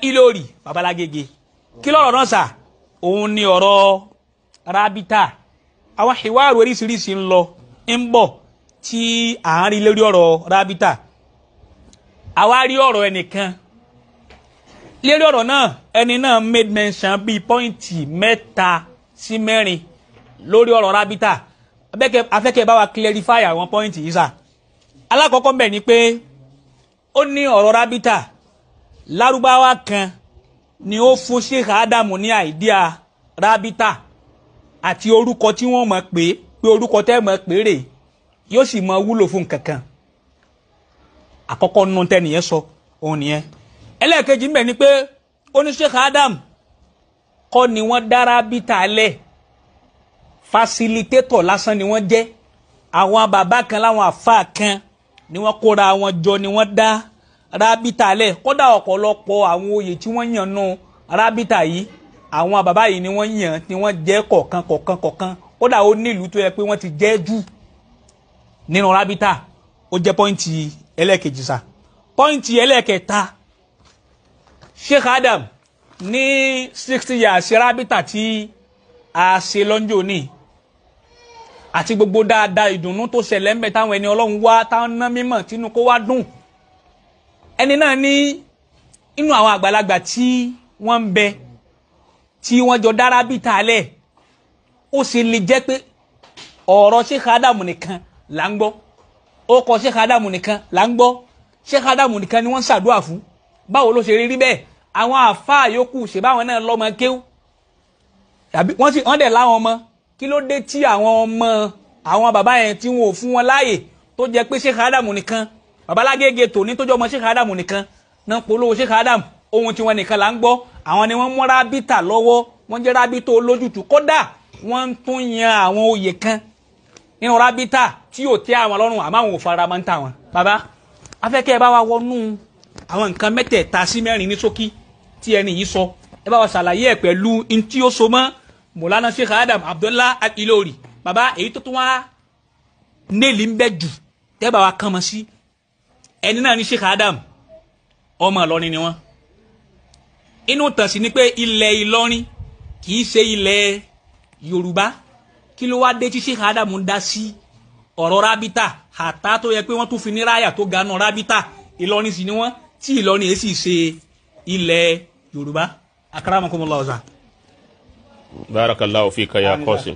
ilori babalagege kí lọ́rọ̀ náà sà òun ni ọ̀rọ̀ rabita àwọn hiwaru oríṣiríṣi ń lọ ń bọ̀ tí à ń rí lórí ọ̀rọ̀ rabita àwa rí ọ̀rọ̀ ẹnìkan lérí ọ̀rọ̀ náà ẹni náà made mention bíi pọ́ìntì mẹ́ta sí mẹ́rin lórí ọ̀rọ̀ rabita afẹ́kẹ́ bá wa clarify àwọn pọ́ìntì yìí sà alákọ̀ọ́kọ́ mbẹ̀ ni pé ó ní ọ̀rọ̀ rabita lárúbáwá kan ni ó fún sheikh adamu ní àìdíà rábítà àti orúkọ tí wọ́n mọ̀ pé pé orúkọ tẹ́ mọ̀ pé rè yóò sì mọ wúlò fún kankan àkọ́kọ́ nínú tẹ́nìyẹn sọ òun nìyẹn ẹlẹ́ẹ̀kejì ń bẹ ni pé ó ní sheikh adam kọ́ ni wọ́n dá rábítà lẹ̀ fasilitétọ̀ lásán ni wọ́n jẹ́ àwọn bàbá kan láwọn àfa kan ni wọ́n kóra wọn jọ ni wọ́n dá Rabita lẹ̀ kódà ọ̀pọ̀lọpọ̀ àwọn oyè tí wọ́n yàn nù rábítà yìí àwọn bàbá yìí ni wọ́n yàn tí wọ́n jẹ́ kọ̀ọ̀kan kọ̀ọ̀kan kọ̀ọ̀kan kódà ó nílùú tó yẹ pé wọ́n ti jẹ́ jù nínú rábítà ó jẹ́ pọ́ìntì ẹlẹ́ẹ̀kejì sá pọ́ìntì ẹlẹ́ẹ̀kẹta Sheikh Adam ní sixty years rábítà tí a ṣe lọ́njọ́ ní àti gbogbo dáadáa ìdùnnú tó ṣẹlẹ̀ ń bẹ táwọn ẹni ọlọ́run wá táwọn ná mímọ̀ tínú kó wá dùn ẹni náà ní inú àwọn àgbàlagbà tí wọ́n ń bẹ tí wọ́n jọ dára bí tààlẹ̀ ó sì lè jẹ́ pé ọ̀rọ̀ Sheikh nìkan là ń gbọ́ ó kọ Sheikh nìkan là ń gbọ́ Sheikh nìkan ni wọ́n ń ṣàdúrà fún báwo ló ṣe rí rí bẹ́ẹ̀ àwọn àáfàá yòókù ṣe báwọn náà lọ́mọ kéwú tàbí wọ́n sì wọ́n dẹ̀ láwọn ọmọ kí ló dé tí àwọn ọmọ àwọn bàbá yẹn tí wọn fún wọn láàyè tó jẹ́ pé Sheikh nìkan babalágége tòní tó jọ ọmọ Sheikh Adam nìkan náà polówó Sheikh Adam ohun tí wọn nìkan là ń gbọ́ àwọn ni wọ́n mú rábítà lọ́wọ́ wọ́n jẹ́ rábítà olójútùú kódà wọ́n ń tún yan àwọn oyè kan nínú rábítà tí ò tẹ́ àwọn lọ́rùn àmọ́ àwọn ò fara máa ń tà wọn. bàbá afẹ́kẹ́ ẹ bá wa wọnú àwọn nǹkan mẹ́tẹ̀ẹ̀ta sí mẹ́rin ní ṣókí tí ẹni yìí sọ ẹ bá wa ṣàlàyé ẹ̀ pẹ̀lú ntí ó so mọ́ mọ̀lánà Sheikh Adam Abdullah Al-Ilory èyí tó tún wá nílì ń bẹ́ jù tẹ́ bá wa kàn mọ́ sí ẹni náà ní Sheikh Adam ọmọ Ìlọrin ni wọ́n inú tàn sí ni pé ilẹ̀ Ìlọrin kì í ṣe ilẹ̀ Yorùbá kí ló wá dé tí Sheikh Adam ń dá sí ọ̀rọ̀ rábítà àtà tó yẹ pé wọ́n tún fi ní ráyà tó ga náà rábítà Ìlọrin sì ni wọ́n tí Ìlọrin èsì ṣe ilẹ̀ Yorùbá akaramakumullah ọ̀sán. barakallahu fika ya Qasim.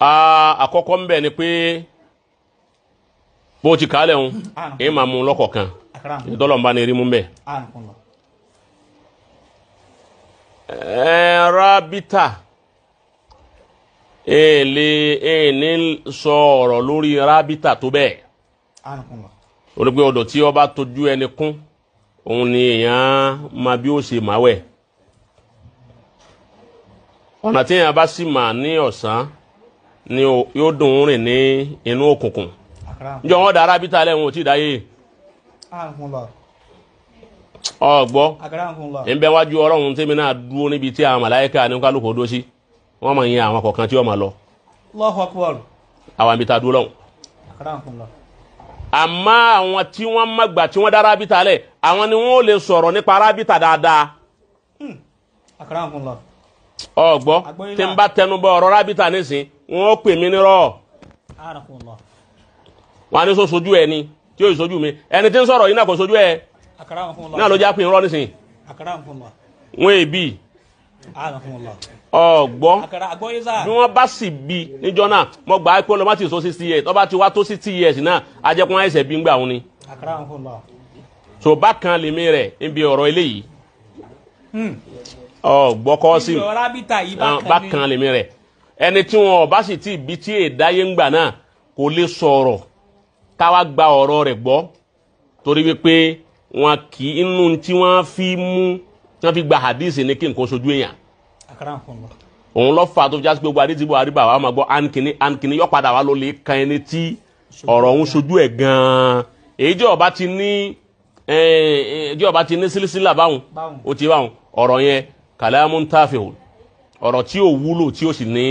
Ah, àkọ́kọ́ ń bẹ̀ ni pé. Pe bó ti kálẹ̀ ń ẹ máa mú lọ́kọ̀ọ̀kan ìdọ́lọ́mbà ni rí mú bẹ́ẹ̀. rábítà èlé èní sọ ọ̀rọ̀ lórí rábítà tó bẹ́ẹ̀ o ní pé odò tí ọba tójú ẹni kún òun ni èèyàn máa bí ó ṣe máa wẹ̀ ọ̀nà tí èèyàn bá sì máa ní ọ̀sán ni yóò dùn ún rìn ní inú òkùnkùn njọ wọn dara bí talẹ̀ wọn ò tí ì dáyé ọgbọ́ ń bẹ wájú ọlọ́run tẹ́mi náà dúró níbi tí àwọn màláyíká ní kálukú dó sí wọ́n mọ̀ yín àwọn kọ̀ọ̀kan tí wọ́n mọ̀ lọ. àwọn àmì ta dúró lọ́hùn. àmọ́ àwọn tí wọ́n má gbà tí wọ́n dá rábìtà lẹ̀ àwọn ni wọ́n lè sọ̀rọ̀ nípa rábìtà dáadáa. Hmm. ọgbọ́ tí n bá tẹnubọ ọ̀rọ̀ rábìtà nísìn wọ́n pè mí nírọ̀ wọn á ní sọ sojú ẹ ni tí yóò sojú mi ẹni tí ń sọ̀rọ̀ yìí náà kò sojú ẹ náà ló jẹ́ pé irọ́ nísìnyí. wọn èbí ọgbọ́n bí wọ́n bá sì bí níjọ́ náà mo gbà á pé ọlọ́mọ ti so sixty years ọba ti wá tó sixty years náà ajẹ́kùn ẹsẹ̀ bí ń gbà wọn ni. so bákan lèmi rẹ̀ ń bi ọ̀rọ̀ eléyìí hmm. ọgbọ́n kọ́ sí bákan lèmi rẹ̀ ẹni tí wọn ọba sì ti bí tí èdáyé ń gbà náà kò lè sọ̀rọ̀ káwá gba ọ̀rọ̀ rẹ̀ gbọ́ torí wípé wọn kì í nínú tí wọ́n fi mú tí wọ́n fi gba hadith ní kí nǹkan sojú èèyàn. òun lọ fà tó fi jásí pé gbogbo hadith buhari bá wa máa gbọ́ ankini ankini yọ padà wá ló lè kan ẹni tí ọ̀rọ̀ òun sojú ẹ̀ gan-an èyí jẹ́ ọba ti ní ẹjọ́ ọba ti ní sílísílà báwọn ó ti báwọn ọ̀rọ̀ yẹn kàlámù ń tàfẹ́ o ọ̀rọ̀ tí ò wúlò tí ó sì ní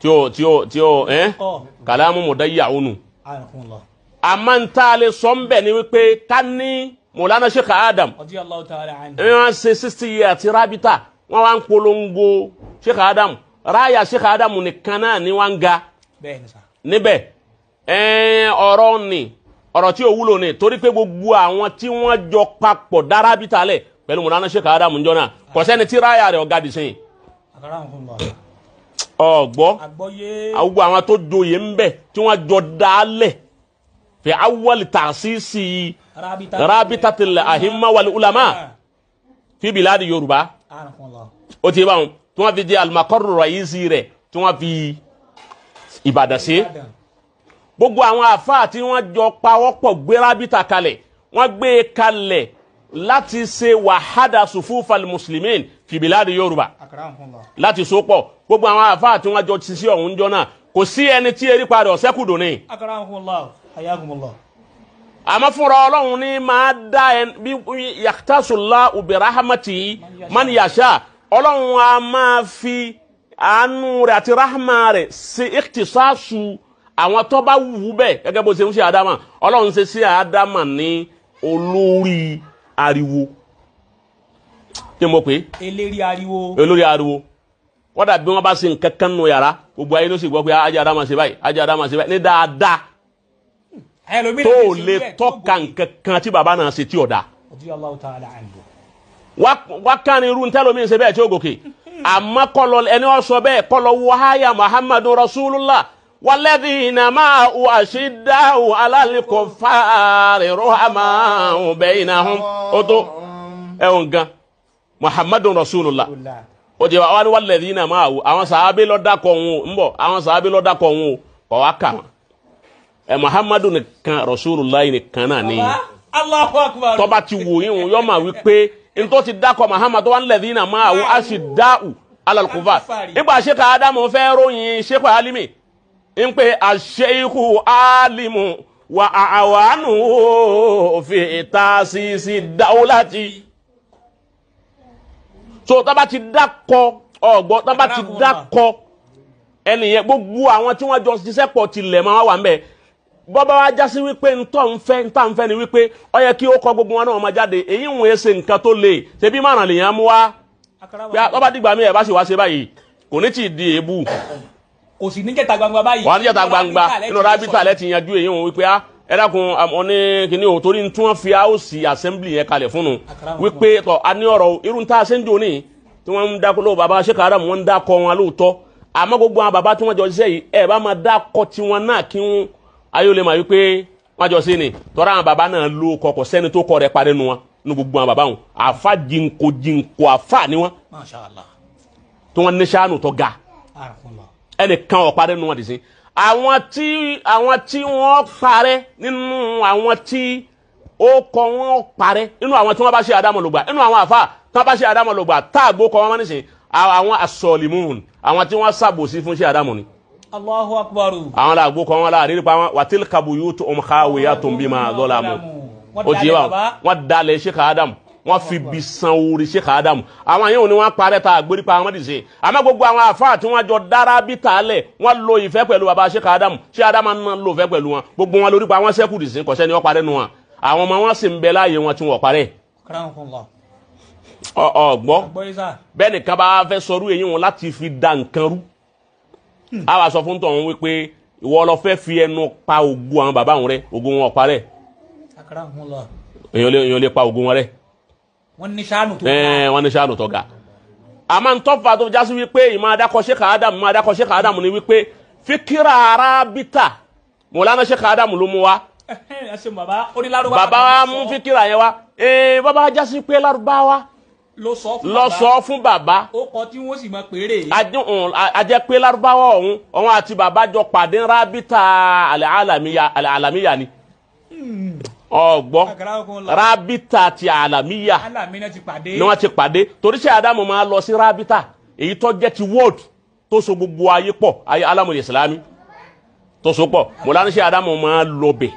tí ó tí ó tí ó ẹ́ kàlámù mọ̀dáyà ònù àmọ́ n ta lè sọ ń bẹ̀ ni wípé ká ní mọ̀lánà sheikh adam ẹni wọ́n ṣe sixty years àti rabita wọ́n wá ń polongo sheikh adam ráyà sheikh adam nìkan náà ni wọ́n ń ga níbẹ̀ ọ̀rọ̀ ni ọ̀rọ̀ tí ò wúlò ni torí pé gbogbo àwọn tí wọ́n jọ papọ̀ dá rabita lẹ̀ pẹ̀lú mọ̀lánà sheikh adam jọ náà kò sẹ́ni tí ráyà rẹ̀ ọ̀gá dì sẹ́yìn ọgbọ́ àwọn àwọn tó joyè ń bẹ̀ tí wọ́n jọ dálẹ̀ fi awali taasisi rabitatil ahimma wal ulama fi biladi yorùbá o ti báwọn tí wọ́n fi jẹ́ alimakọ́rù raisi rẹ̀ tí wọ́n fi ìbàdàn sí gbogbo àwọn àfáà tí wọ́n jọ pawọ́pọ̀ gbé rabita kalẹ̀ wọ́n gbé kalẹ̀ láti ṣe wàhádà sùfúfàlì mùsùlùmí fìbíláàdì yorùbá láti so pọ̀ gbogbo àwọn àfáà tí wọ́n jọ ti sí ọ̀hún jọ náà kò sí ẹni tí erí padà ọ̀sẹ́kùdò ni. àmọ́ fúnra ọlọ́run ní máa dá ẹni bí yàtàṣùlá ubirahmati man yasha ọlọ́run a máa fi àánú rẹ̀ àti rahma rẹ̀ sí ìkìtìsáàsù àwọn tó bá wù bẹ́ẹ̀ gẹ́gẹ́ bó ṣe ń ṣe àdámà ọlọ́run ṣe sí àdámà ní olórí ariwo kí mo pè é. eléré ariwo. eléré ariwo wọ́n dàbí wọ́n bá ṣe nǹkan kan nù yàrá gbogbo ayé ló sì gbọ́ pé ah, ajá adama ṣe báyìí ajá adama ṣe báyìí ní dáadáa tó o lè tọ́ka nǹkan kan tí baba náà se tí o da. wákàní irú ntẹ́lómi ṣe bẹ́ẹ̀ tí o gòkè àmọ́ kọlọ ẹni wọ́n sọ bẹ́ẹ̀ kọlọ wahaya muhammadu rasulullah waladhina máa wù àṣìdáhù alálẹ́kọ̀ọ́ fàárẹ̀ rọ́hàmáhùn bainahum ó tó ẹ̀wọ̀n gan. muhammadu rasulullah o jẹ wa ni wàlẹ́dì iná máa wò àwọn sàábé lọ́dà kọ̀ ń wò ń bọ̀ àwọn sàábé lọ́dà kọ̀ ń wò kọ̀ wá kà ẹ muhammadu nìkan rasulullah nìkan náà ni tọ́ba ti wò yín wọn yọ máa wí pé ntọ́ ti dákọ̀ muhammadu wàlẹ́dì iná máa wò á sì dáhù alalukufa nígbà sèkà adamu fẹ́ ròyìn sèkà alimi ń pè àṣeyíkù alimu wa àwọn àánú òfin ìta sísí dáwọ́ láti. so tá bá ti dákọ ọgbọ tá bá ti dákọ ẹnìyẹn gbogbo àwọn tí wọ́n jọ ṣiṣẹ́ pọ̀ tilẹ̀ máa wà ńbẹ̀ bọ́bá wa jásí wípé ntọ́ nfẹ́ ntá nfẹ́ ni wípé ọ yẹ kí ó kọ gbogbo wọn náà máa jáde èyí ń wọ́n ṣe nǹkan tó le ṣebí márùn lèèyàn mú wa pé lọ́ba dìgbà mi ẹ̀ bá sì wá ṣe báyìí kò ní tì di èébù. kò sì ní jẹta gbangba báyìí. wọ́n á ní jẹta gbangba inú rábítà lẹ́tì yanjú èyí wọn wípé á ah, ẹ dákun um, ọní kìíní o torí tí wọ́n fi house assembly yẹn kalẹ̀ fún un wípé tọ́ a ní ọ̀rọ̀ irun tá a ṣe ń jò ní tí wọ́n ń dákọ́ lọ́wọ́ baba Sheikh Adam wọ́n ń dákọ́ wọn lóòótọ́ àmọ́ gbogbo àwọn baba tí wọ́n jọ ṣiṣẹ́ yìí ẹ̀ bá máa dákọ́ tiwọn náà kí wọ́n ayé olè máa wípé wọ́n jọ sí ni tọ́ra àwọn baba náà ló kọkọ̀ sẹ́ni tó kọ́ rẹ̀ parí nu wọn gbogbo àwọn baba wọn àfa ga ẹnìkan ọ̀parí nu wọn dì àwọn tí wọ́n parẹ́ nínú àwọn tí ó kọ wọ́n parẹ́ nínú àwọn tí wọ́n bá ṣe àdámọ̀lògbà nínú àwọn àfa tí wọ́n bá ṣe àdámọ̀lògbà táàgbó kọ wọ́n máa níṣe àwọn asọ̀lìmùn àwọn tí wọ́n ṣàbòsí fún ṣe àdámọ̀ ni. Allahu akbaru. àwọn làgbó kọ wọn láàrin nípa wọn wàtíl kàbùyù tó ń káwé yàtọ̀ máa lọ́la mu. ó dalẹ̀ ṣe ká ádámù wọ́n fi bi san orí Sheikh Adam àwọn yẹn ò ní wọ́n parẹ́ ta àgbérípa àwọn ti ṣe àmọ́ gbogbo àwọn àfáà tí wọ́n jọ dára bí tààlẹ̀ wọ́n lo ìfẹ́ pẹ̀lú baba Sheikh Adam Sheikh Adam náà lo ìfẹ́ pẹ̀lú wọn gbogbo wọn lórí pa wọn sẹ́kù dì sí ni wọ́n parẹ́ nu wọn àwọn ọmọ wọn sì ń bẹ láàyè wọn tí wọ́n parẹ́. ọgbọ́ bẹ́ẹ̀ nìkan bá fẹ́ sọrú èyí wọn láti fi da nǹkan rú a sọ fún tọ̀hún wípé ìwọ pa ògùn àwọn bàbá wọn rẹ ògùn wọn ọ̀parẹ́ èèyàn pa ògùn wọn wọ́n ní ṣáànù eh, tó ga àmọ́ ń tọ́fà tó jásí wípé ìmọ̀ adakọ̀ ṣe kà ádámù ìmọ̀ adakọ̀ ṣe kà ádámù ni wípé fíkírà arábítà mọ̀lánà ṣe kà ádámù ló mú wa bàbá wa mú fíkírà yẹn eh, wa ee bàbá jásí pé lárúbáwá lọ sọ fún bàbá ó kọ tí wọ́n sì mọ péré. ajẹ́ pé lárúbáwá ọ̀hún ọ̀hún àti bàbá jọ pàdé rábítà àlàmíyà ni. Hmm ọgbọ Rabita ti alamiya. ni wọn ti pàdé torí sẹ adamu máa lọ sí rábítà èyí tó jẹ ti world tó so gbogbo ayé pọ̀ ayé alamọdé islami tó so pọ̀ mọlánì sẹ adamu máa lọ bẹ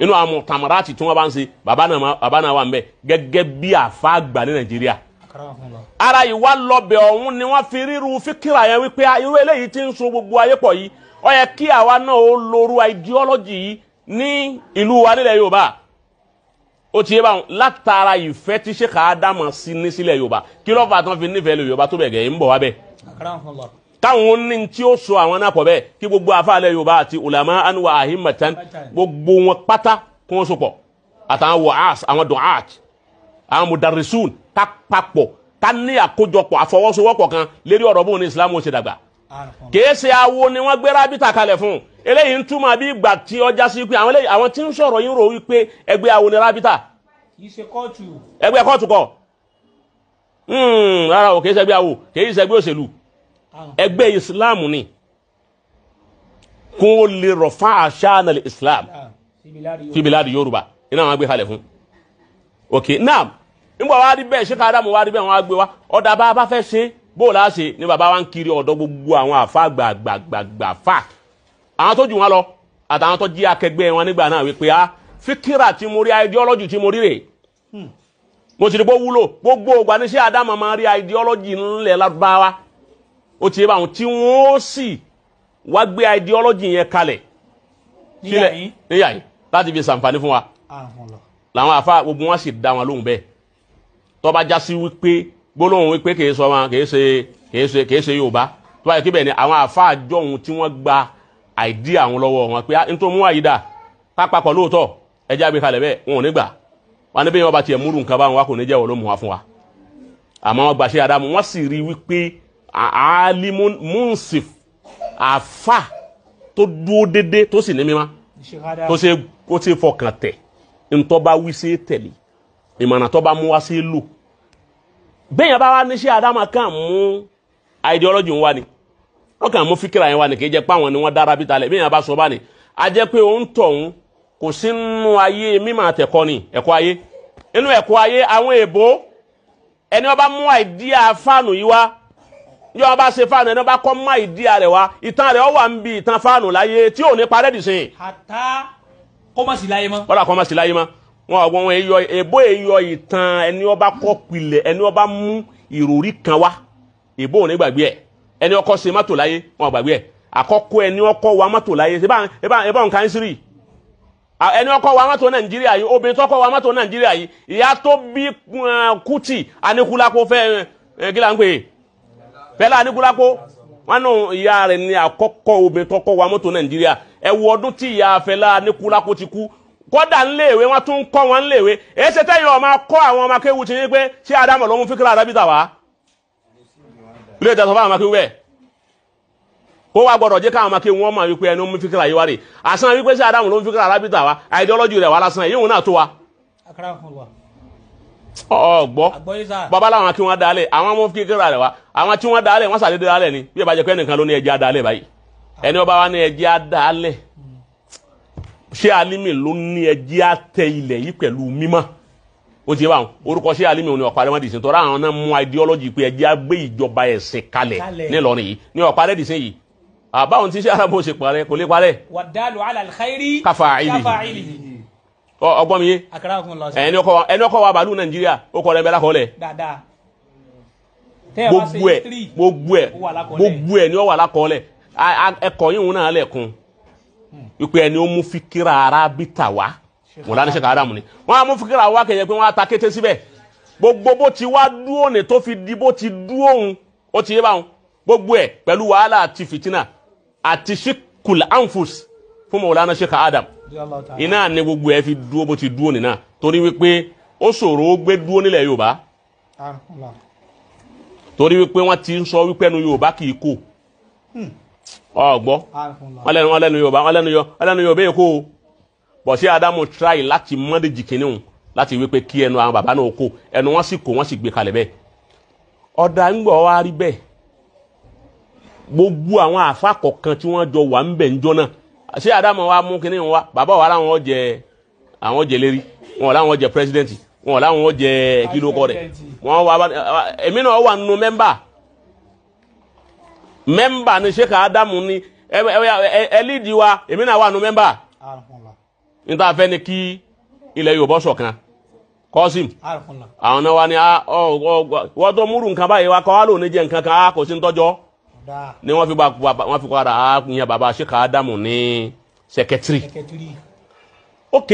inú àwọn tamarati tí wọn bá ń ṣe baba náà baba náà wà ń bẹ gẹ́gẹ́ bí àfa àgbà ní nàìjíríà ara ìwà lọbẹ ọ̀hún ni wọn fi ríru fíkìrà yẹn wípé irú eléyìí ti ń so gbogbo ayé pọ̀ yìí ó yẹ kí àwa náà ó lóru ideology yìí ní ìlú wa nílẹ̀ yorùbá ó ti yé báwọn látara ìfẹ́ tí sèkà ádámà sí ní sílẹ̀ yorùbá kí ló fà tán fi nífẹ̀ẹ́ lè yorùbá tó bẹ̀ gẹ̀ ń bọ̀ wá bẹ̀. káwọn ní tí ó so àwọn náà pọ̀ bẹ́ẹ̀ kí gbogbo afáàlẹ̀ yorùbá àti ulama anuwa ahimatan gbogbo wọn pátá kó so pọ̀ àtàwọn wàhás àwọn du'at àwọn mudarisun ká papọ̀ ká ní àkójọpọ̀ àfọwọ́sowọ́pọ̀ kan lérí ọ̀rọ̀ bóun ní islam ó ṣe dàgbà kìí ṣe awo ni wọ́n gbé rábìtà kalẹ̀ fún eléyìí ń túmọ̀ bí ìgbà tí ọjà sí pé àwọn eléyìí àwọn tí ń sọ̀rọ̀ yín rò wípé ẹgbẹ́ awo ni rábìtà. kìí ṣe kóòtù. ẹgbẹ́ kóòtù kọ́ hmm, rárá o kìí ṣe ẹgbẹ́ awo kìí ṣe ẹgbẹ́ òṣèlú ẹgbẹ́ Islam ni kún ó lè rọ̀ fún àṣà nàlẹ̀ Islam fìbíládì ah, Yorùbá iná wọn gbé kalẹ̀ fún. ok naam nígbà wàá rí bẹ́ẹ̀ ṣé ká bó la ṣe ni baba wa ń kiri ọ̀dọ̀ gbogbo àwọn àfa gbàgbàgbàgbà fa àwọn tó jù wọn lọ àtàwọn tó jí akẹgbẹ́ wọn nígbà náà wípé a ah, fíkìrà tí mo rí ideology tí mo rí rè hmm. mo ti rí bó wúlò gbogbo ògbà ní sí àdámọ̀ máa rí ideology ńlẹ̀ lárúbáwá ó ti yé báwọn tí wọ́n sì wá gbé ideology yẹn kalẹ̀ sílẹ̀ níyà yìí láti fi ṣàǹfààní fún wa ah, làwọn àfa gbogbo wọn sì dá wọn lóhùn bẹ́ẹ̀ tó bá wípé gbólóhùn wípé kìí sọ wọn kìí ṣe kìí ṣe kìí ṣe yorùbá tó báyìí kíbẹ̀ ni àwọn àfáà jọ̀hún tí wọ́n gba àìdí àwọn lọ́wọ́ wọn pé ah, nítorí mú àyídà pápákọ̀ lóòótọ́ ẹjẹ́ àgbẹ̀ kalẹ̀ bẹ́ẹ̀ wọn ò ní gbà wọn ní bí wọn bá tiẹ̀ múrù nǹkan báwọn wa kò ní jẹ́ wọn ló mú wa fún wa àmọ́ wọn gbàṣẹ́ adamu wọ́n sì rí wípé àálí munsif àfáà tó dúró déédéé tó sì ní mímá tó ṣe fọkàn tẹ̀ ntọ́ bá wí sí tẹ̀lé ìmọ̀nà tó bá mú wá sí lò gbẹ̀yìn bá wa ní ṣé adama kan mú ideology ń wá ni wọ́n kàn mú fíkìrà yẹn wá ni kì í jẹ́ páwọn ni wọ́n dára bí talẹ̀ gbẹ̀yìn bá sọ bá ni a jẹ́ pé òun tọ̀hún kò sínú ayé mímọ̀ àtẹ̀kọ́ ni ẹ̀kọ́ ayé inú ẹ̀kọ́ ayé àwọn èèbó ẹni wọ́n bá mú àìdíà fáànù yìí wá ní wọ́n bá ṣe fáànù ẹni wọ́n bá kọ́ mú àìdíà rẹ̀ wá ìtàn rẹ̀ ọ wà ń bi ìtàn fáànù láyé tí ò ní parẹ́ dìsìn. àtà kọ́mọ̀sí láyé mọ́. bọ́dà kọ́mọ̀sí láyé mọ́ wọn àwọn ohun ẹyọ èbó ẹyọ ìtàn ẹni ọba kọ pilẹ̀ ẹni ọba mú ìròrí kan wá èbó òní gbàgbé ẹ ẹni ọkọ ṣe mọ́tò láyé wọn gbàgbé ẹ àkọ́kọ́ ẹni ọkọ wa mọ́tò láyé ṣe báwọn ẹ báwọn kan sírì ẹni ọkọ wa mọ́tò nàìjíríà yìí obìnrin tó kọ wa mọ́tò nàìjíríà yìí ìyá tó bí kùtì anikulapo fẹ ẹ kí la ń pè é bẹ́lá anikulapo wọn nù ìyá rẹ̀ ni àkọ́kọ́ obìnrin tó kọ wa mọ́tò nàìjíríà ẹ ọdún tí ìyá afẹ́lá anikulapo ti kú kọ́dà ńléèwé wọ́n tún kọ́ wọn ńléèwé èyí ṣe tẹ́yìn ọmọ akọ́ àwọn ọmọ akéwu ti ní pé ṣé adamu ló mú fíkìlà arábìtà wá ilé ìjà sọ fún àwọn akéwu bẹ́ẹ̀ kó wá gbọ́dọ̀ jẹ́ káwọn akéwu wọn máa wípé ẹni ó mú fíkìlà yìí wá rè àsan wípé ṣé adamu ló mú fíkìlà wá ideology rẹ̀ wá lásán èyí òun náà tó wa. ọgbọ́ bàbá làwọn wọn dalẹ̀ àwọn mú fíkìlà rẹ̀ wá àwọn tí wọ́n dalẹ̀ wọ́n sàdédé dalẹ̀ ni bí ẹ bá jẹ́ pé ẹnìkan ló ní ẹjẹ́ adalẹ̀ báyìí ẹni ọba wa ní ẹjẹ́ adalẹ̀ ṣé alimi ló ní ẹjẹ́ àtẹ ilẹ̀ yìí pẹ̀lú mímọ́ ó ti bá wọn orúkọ ṣé alimi ò ní ọ̀pá rẹ́mọ́ dìsín tọ́ra àwọn náà mú ideology pé ẹjẹ́ àgbé ìjọba ẹ̀sìn kalẹ̀ nílọrin yìí ní ọ̀pá rẹ́ dìsín yìí àbáwọn tí ṣé arábò ṣe parẹ́ kò lè parẹ́. wàdálù alàlxẹ́rì káfa àìlì ọgbọ́n mi yé ẹni ọkọ wa bàálù nàìjíríà ó kọ lẹ́mẹ́lá kọ́ gbogbo ẹ̀ gbogbo ẹ̀ ni ó wà lákọ̀ọ́lẹ̀ ẹ̀kọ́ yìí ń náà lẹ̀kùn wípé ẹni ó mú fíkírà arábítà wá mọ̀lá ní sẹ́ka ádámù ni wọ́n á mú fíkírà wá kẹ̀yẹ́ pé á ta kété síbẹ̀ gbogbo bó ti wá dúró ní tó fi di bó ti dúró òun ó ti yé báwọn gbogbo ẹ̀ pẹ̀lú wàhálà àti fìtínà àti ṣíkùl anfus fún mọ̀lá ní sẹ́ka ádámù iná ni gbogbo ẹ̀ fi dúró bó ti dúró nìna torí wípé ó ṣòro ó gbé dúró Yorùbá torí wípé ti sọ wípé ẹnu Yorùbá kì í ọgbọ́ wọ́n lẹ́nu yorùbá wọ́n lẹ́nu yorùbá wọ́n lẹ́nu yorùbá èkó o bọ̀ sí adamu try láti mọ́déjì kìnìún òun láti wípé kí ẹnu àwọn bàbá náà kó ẹnu wọn sì kó wọn sì gbé kalẹ̀ bẹ́ẹ̀ ọ̀dà ń gbọ́ wá rí bẹ́ẹ̀ gbogbo àwọn àfa kọ̀ọ̀kan tí wọ́n jọ wà ń bẹ̀ ń jọ náà adamu wa mú kìnìún wa bàbá wa láwọn jẹ àwọn jẹ lérí wọn làwọn jẹ president wọn làwọn jẹ kí ló kọ rẹ wọn wà èmi náà wà nínú mẹ́mbà memba ni sheikh adamu ni ẹlídìí wa èmi náà wà nù mẹ́mbà níta fẹ́ ni kí ilẹ̀ yorùbá ṣọ̀kan kọ́sìm àwọn náà wà ní ah, wọ́n tó múrù wa kọ́ wá lóun ní jẹ́ kan ah, kò sí ń ni wọ́n fi gba wọ́n fi padà ah, yan bàbá sheikh adamu ní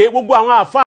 gbogbo àwọn